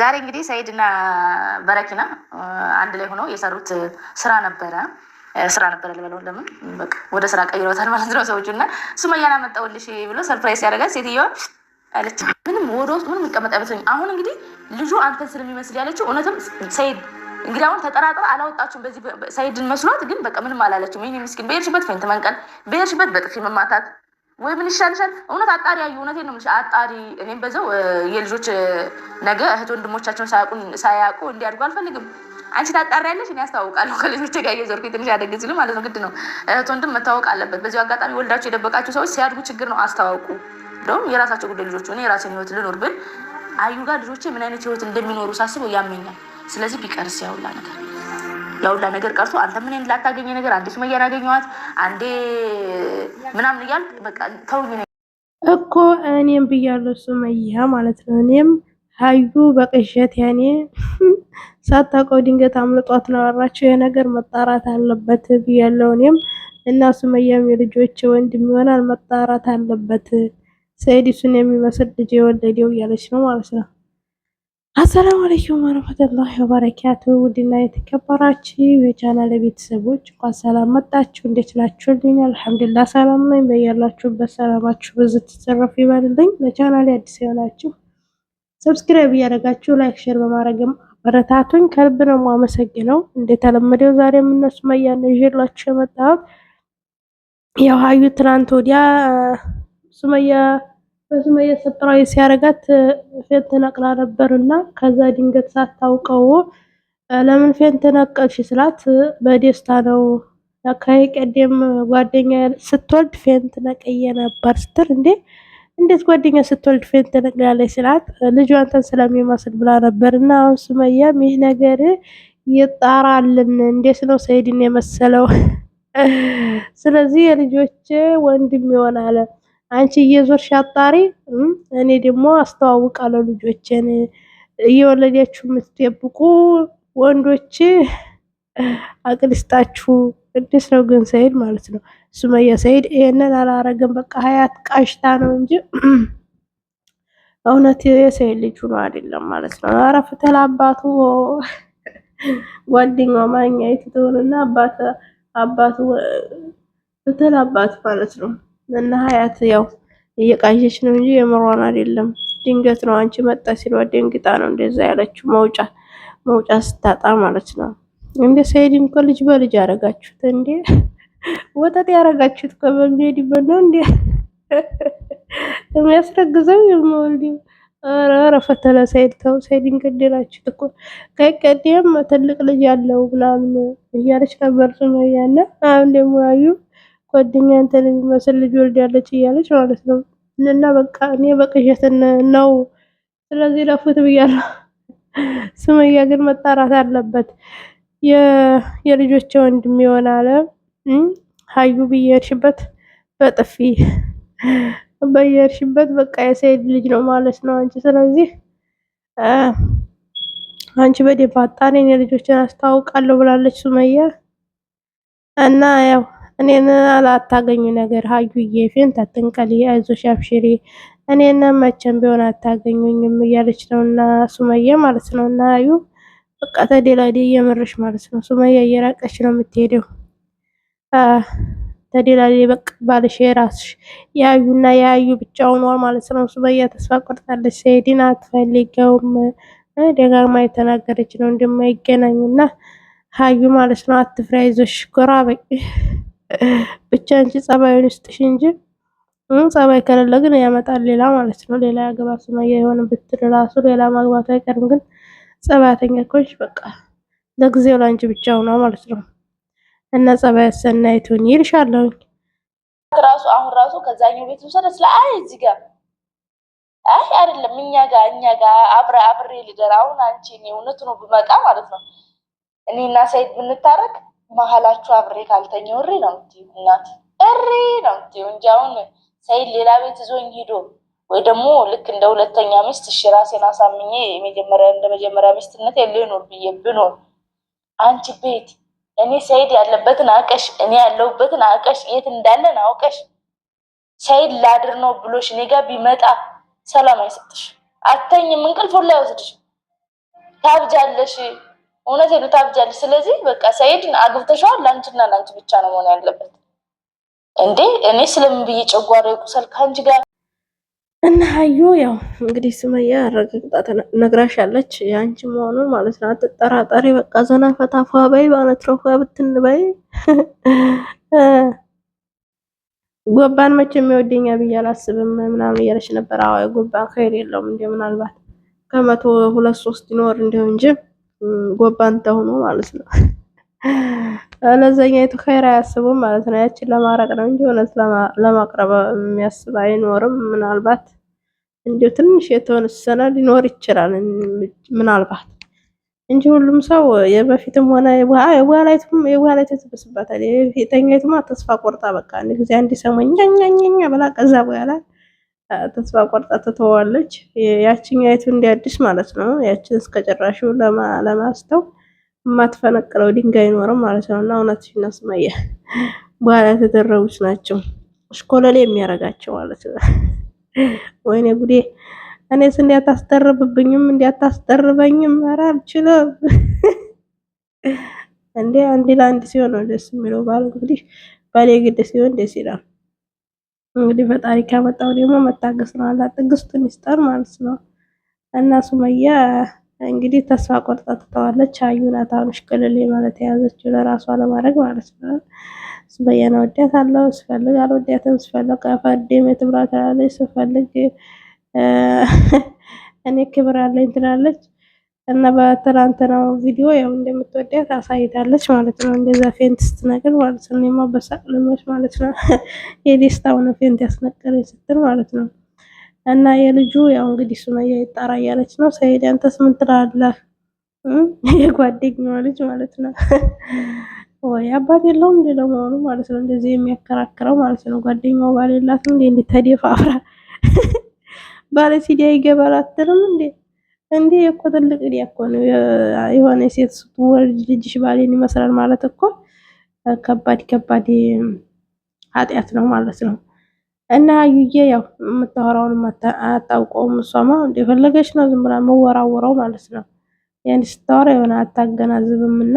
ዛሬ እንግዲህ ሰይድ እና በረኪና አንድ ላይ ሆነው የሰሩት ስራ ነበረ ስራ ነበረ ልበለው፣ ለምን በቃ ወደ ስራ ቀይረውታል ማለት ነው ሰዎቹ። እና ሱመያን አመጣሁልሽ ብሎ ሰርፕራይዝ ያደረጋል። ሴትዮዋ አለች ምንም ወደ ውስጥ ምንም ይቀመጥ አይመስለኝም። አሁን እንግዲህ ልጁ አንተን ስለሚመስል ያለችው እውነትም ሰይድ እንግዲህ አሁን ተጠራጥራ አላወጣችሁም። በዚህ ሰይድን መስሏት ግን በቃ ምንም አላለችም። ይህ ምስኪን በሄድሽበት ፈንት መንቀል፣ በሄድሽበት በጥፊ መማታት ወይ ምን ይሻልሻል? እውነት አጣሪ ያዩ እውነቴን ነው የምልሽ አጣሪ። እኔም በዛው የልጆች ነገ እህት ወንድሞቻቸውን ሳያውቁ እንዲያድጉ አልፈልግም። አንቺ ታጣሪያለሽ፣ እኔ አስተዋውቃለሁ ከልጆች ጋር እየዞርኩ ትንሽ ያደግ ሲሉ ማለት ነው። ግድ ነው እህት ወንድም መታወቅ አለበት። በዚሁ አጋጣሚ ወልዳቸው የደበቃቸው ሰዎች ሲያድጉ ችግር ነው፣ አስተዋውቁ። እንደውም የራሳቸው ጉዳይ ልጆች ሆነ የራሴን ህይወት ልኖር ብል አዩ ጋር ልጆቼ ምን አይነት ህይወት እንደሚኖሩ ሳስበው ያመኛል። ስለዚህ ቢቀርስ ያውላ ነገር ያሁላ ነገር ቀርሶ አንተ ምን ላታገኘ ነገር አንዴ ሱመያን አገኘዋት አንዴ ምናምን እያል ተውኝ እኮ እኔም ብያለሁ ሱመያ ማለት ነው። እኔም ሀዩ በቅዠት ያኔ ሳታውቀው ድንገት አምልጧት ነው ያወራችው። ይሄ መጣራት አለበት ብያለሁ እኔም እና ሱመያም የልጆች ወንድም ይሆናል መጣራት አለበት ሰኢድ እሱን የሚመስል ልጅ የወለደው እያለች ነው ማለት ነው። አሰላሙ አለይኩም ወረህመቱላሂ ወበረካቱ ውድና የተከበራችሁ የቻናል ቤተሰቦች እንኳን ሰላም መጣችሁ። እንዴት ናችሁልኝ? አልሐምዱሊላህ ሰላም ነኝ። በያላችሁበት ሰላማችሁ ብዙ ትተረፍ ይበልልኝ። ለቻናል አዲስ የሆናችሁ ሰብስክራይብ እያደረጋችሁ ላይክ፣ ሼር በማድረግም አበረታቱኝ። ከልብ ነው የማመሰግነው። እንደተለመደው ዛሬ የምነሱ መያን ይዤላችሁ የመጣሁት ያው ሀዩ ትናንት ወዲያ ሱመያ በሱመያ ሰርፕራይዝ ሲያደርጋት ፌንት ነቅላ ነበርና ከዛ ድንገት ሳታውቀው ለምን ፌንት ነቀልሽ ስላት በደስታ ነው ቀደም ጓደኛ ስትወልድ ፌንት ነቀየ ነበር ስትል እንዴ እንዴት ጓደኛ ስትወልድ ፌንት ትነቅላለች ስላት ልጁ አንተን ስለሚመስል ብላ ነበር እና አሁን ሱመያም ይህ ነገር ይጣራልን እንዴት ነው ሰይድን የመሰለው ስለዚህ የልጆች ወንድም ይሆናል አንቺ እየዞርሽ አጣሪ፣ እኔ ደግሞ አስተዋውቃለሁ ልጆችን። እየወለዳችሁ የምትጠብቁ ወንዶች አቅልስታችሁ ቅድስ ነው ግን ሰይድ ማለት ነው ሱመያ ሰይድ ይህንን አላረገም። በቃ ሀያት ቃሽታ ነው እንጂ እውነት የሰይድ ልጁ ነው አይደለም ማለት ነው። አረፍተል አባቱ ጓደኛው ማኛ የትትሆንና አባቱ ፍትል አባት ማለት ነው። እና ሀያት ያው እየቃዠች ነው እንጂ የምሯን አይደለም። ድንገት ነው አንቺ መጣ ሲሏ ደንግጣ ነው እንደዛ ያለችው። መውጫ መውጫ ስታጣ ማለት ነው። እንደ ሰይድን እኮ ልጅ በልጅ ያረጋችሁት እንዴ! ወጠጥ ያረጋችሁት እኮ በሚሄድበት ነው እንዴ የሚያስረግዘው የምወልዲው ኧረ ፈተለ ሰይድ ተው፣ ሰይድን ገደላችሁት እኮ ከቀደም ትልቅ ልጅ ያለው ምናምን እያለች ነበር ሱመያና አሁን ደግሞ ያዩ ጓደኛ እንትን የሚመስል ልጅ ወልዳለች እያለች ማለት ነው። እና በቃ እኔ በቅዠት ነው ስለዚህ ለፉት ብያለሁ። ሱመያ ግን መጣራት አለበት። የልጆች ወንድም ይሆን አለ ሀዩ ብየርሽበት በጥፊ በየርሽበት በቃ የሰይድ ልጅ ነው ማለት ነው አንቺ። ስለዚህ አንቺ በደንብ አጣሪ፣ እኔ ልጆችን አስተዋውቃለሁ ብላለች ሱመያ እና ያው እኔን አታገኙ ነገር ሀዩዬ ፊንት አትንቀል፣ አይዞሽ አብሽሪ፣ እኔን መቼም ቢሆን አታገኙኝም እያለች ነው እና ሱመያ ማለት ነው እና አዩ በቃ ተደላዴ እየመረሽ ማለት ነው። ሱመያ እየራቀች ነው የምትሄደው። ተደላዴ በቃ ባልሽ የራስሽ ያዩና ያዩ ብቻ ሆኗል ማለት ነው። ሱመያ ተስፋ ቆርጣለች። ሰኢድን አትፈልገውም ደጋግማ የተናገረች ነው እንደማይገናኙና ሀዩ ማለት ነው። አትፍሪ አይዞሽ ጎራ በቂ ብቻ እንጂ ጸባዩን ይስጥሽ እንጂ ጸባይ ከሌለ ግን ያመጣል ሌላ ማለት ነው። ሌላ ያገባ ሱመያ የሆነ ብትል ራሱ ሌላ ማግባት አይቀርም። ግን ጸባያተኛ ኮች በቃ ለጊዜው ላንቺ ብቻው ነው ማለት ነው። እና ጸባይ ሰናይቱን ይልሻለሁ ራሱ አሁን ራሱ ከዛኛው ቤት ውሰደ ስለ አይ እዚህ ጋር አይ አይደለም እኛ ጋር እኛ ጋር አብረ አብሬ ልደር አሁን አንቺ እውነቱ ነው ብመጣ ማለት ነው እኔና ሰይድ ብንታረቅ መሀላችሁ አብሬ ካልተኛ እሪ ነው የምትይው እናት እሪ ነው የምትይው እንጂ አሁን ሰይድ ሌላ ቤት ይዞኝ ሂዶ ወይ ደግሞ ልክ እንደ ሁለተኛ ሚስት እሺ ራሴን አሳምኜ የመጀመሪያ እንደ መጀመሪያ ሚስትነት ልኖር ብዬ ብኖር አንቺ ቤት እኔ ሰይድ ያለበትን አውቀሽ እኔ ያለሁበትን አውቀሽ የት እንዳለን አውቀሽ ሰይድ ላድር ነው ብሎሽ እኔ ጋር ቢመጣ ሰላም አይሰጥሽ፣ አተኝም፣ እንቅልፍ ሁላ አይወስድሽ፣ ታብጃለሽ። እውነት ነው ታብጃለሽ። ስለዚህ በቃ ሰኢድን አግብተሸዋል። ለአንቺና ለአንቺ ብቻ ነው መሆን ያለበት። እንዴ እኔ ስለምን ብዬ ጨጓራ ይቁሰል ከአንቺ ጋር እና ሀዩ ያው እንግዲህ ሱመያ አረጋግጣ ነግራሻለች፣ የአንቺ መሆኑን ማለት ነው። አትጠራጠሪ፣ በቃ ዘና ፈታ ፏ በይ ማለት ነው። ፏ ብትን በይ። ጎባን መቼም የሚወደኛ ብዬ አላስብም ምናምን እያለች ነበር። አዎ ጎባን ከሄድ የለውም እንዲ ምናልባት ከመቶ ሁለት ሶስት ይኖር እንዲሁ እንጂ ጎባንታ ሆኖ ማለት ነው። ለዛኛይቱ ኸይር አያስቡም ማለት ነው። ያችን ለማረቅ ነው እንጂ እውነት ለማቅረብ የሚያስብ አይኖርም። ምናልባት እንዲሁ ትንሽ የተወሰነ ሊኖር ይችላል ምናልባት እንጂ ሁሉም ሰው የበፊትም ሆነ የበኋላይቱም የበኋላይቱ ትብስባታል። የፊተኛይቱማ ተስፋ ቆርጣ በቃ አንድ ጊዜ አንድ ሰሞን ኛኛኛኛ ብላ ከዛ በኋላ ተስፋ ቆርጣ ትተዋለች። ያችኛይቱ እንደ አዲስ ማለት ነው። ያችን እስከ ጭራሹ ለማስተው የማትፈነቅለው ድንጋይ አይኖርም ማለት ነው። እና እውነትሽ ነው በኋላ የተደረጉት ናቸው እሽኮለሌ የሚያረጋቸው ማለት ነው። ወይኔ ጉዴ! እኔስ እንዲያታስደርብብኝም እንዲያታስደርበኝም ኧረ አልችልም። እንዴ አንድ ለአንድ ሲሆን ነው ደስ የሚለው። ባል እንግዲህ ባሌ ግድ ሲሆን ደስ ይላል። እንግዲህ ፈጣሪ ካመጣው ደግሞ መታገስ ነው አላ ትዕግስቱን ይስጠን ማለት ነው። እና ሱመያ እንግዲህ ተስፋ ቆርጣ ትተዋለች። አዩ ናት አሁን ሽቅልሌ ማለት የያዘችው ለራሷ ለማድረግ ማለት ነው። ሱመያን እወዳታለሁ፣ ስፈልግ አልወዳትም፣ ስፈልግ አፋዴም የትብራ ትላለች፣ ስፈልግ እኔ ክብር አለኝ ትላለች። እና በትናንትናው ቪዲዮ ያው እንደምትወዳት አሳይታለች ማለት ነው። እንደዛ ፌንት ስትነግር ማለት ነው። እኔማ በሳቅ ልሞች ማለት ነው። የደስታውን ፌንት ያስነገረኝ ስትል ማለት ነው። እና የልጁ ያው እንግዲህ ሱመያ ይጣራ እያለች ነው። ሰይድ አንተስ ምን ትላለህ? የጓደኛዋ ልጅ ማለት ነው። ወይ አባት የለውም እንዴ ለመሆኑ ማለት ነው። እንደዚህ የሚያከራክረው ማለት ነው። ጓደኛው ባል የላትም እንዴ? እንዴት ተደፋፍራ ባለ ሲዲያ ይገባል አትልም እንዴ? እንዲህ እኮ ትልቅ እዲያ እኮ ነው። የሆነ ሴት ስትወልድ ልጅሽ ባሌን ይመስላል ማለት እኮ ከባድ ከባድ ኃጢአት ነው ማለት ነው። እና ዩዬ ያው የምታወራውን አታውቀውም። እሷማ እንደፈለገች ነው ዝም ብላ መወራወረው ማለት ነው። ያን ስታወራ የሆነ አታገናዝብም። እና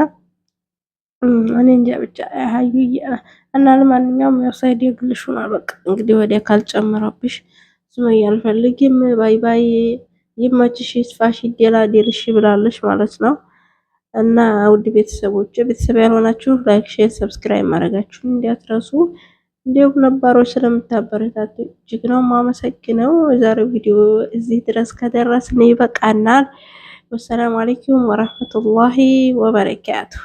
እኔ እንጃ ብቻ ዩዬ እና ለማንኛውም ያው ሳይድ የግልሽ ሆኗል። በቃ እንግዲህ ወዲያ ካልጨመረብሽ ስመ እያልፈልግም ባይ ባይ ይመችሽ፣ ይስፋሽ፣ ይደላደልሽ ብላለች ማለት ነው። እና ውድ ቤተሰቦች ቤተሰብ ያልሆናችሁ ላይክ፣ ሼር፣ ሰብስክራይብ ማድረጋችሁን እንዲያትረሱ እንዲሁም ነባሮች ስለምታበረታቱ እጅግ ነው ማመሰግነው። የዛሬው ቪዲዮ እዚህ ድረስ ከደረስን ይበቃናል። ወሰላም አለይኩም ወራህመቱላሂ ወበረካቱ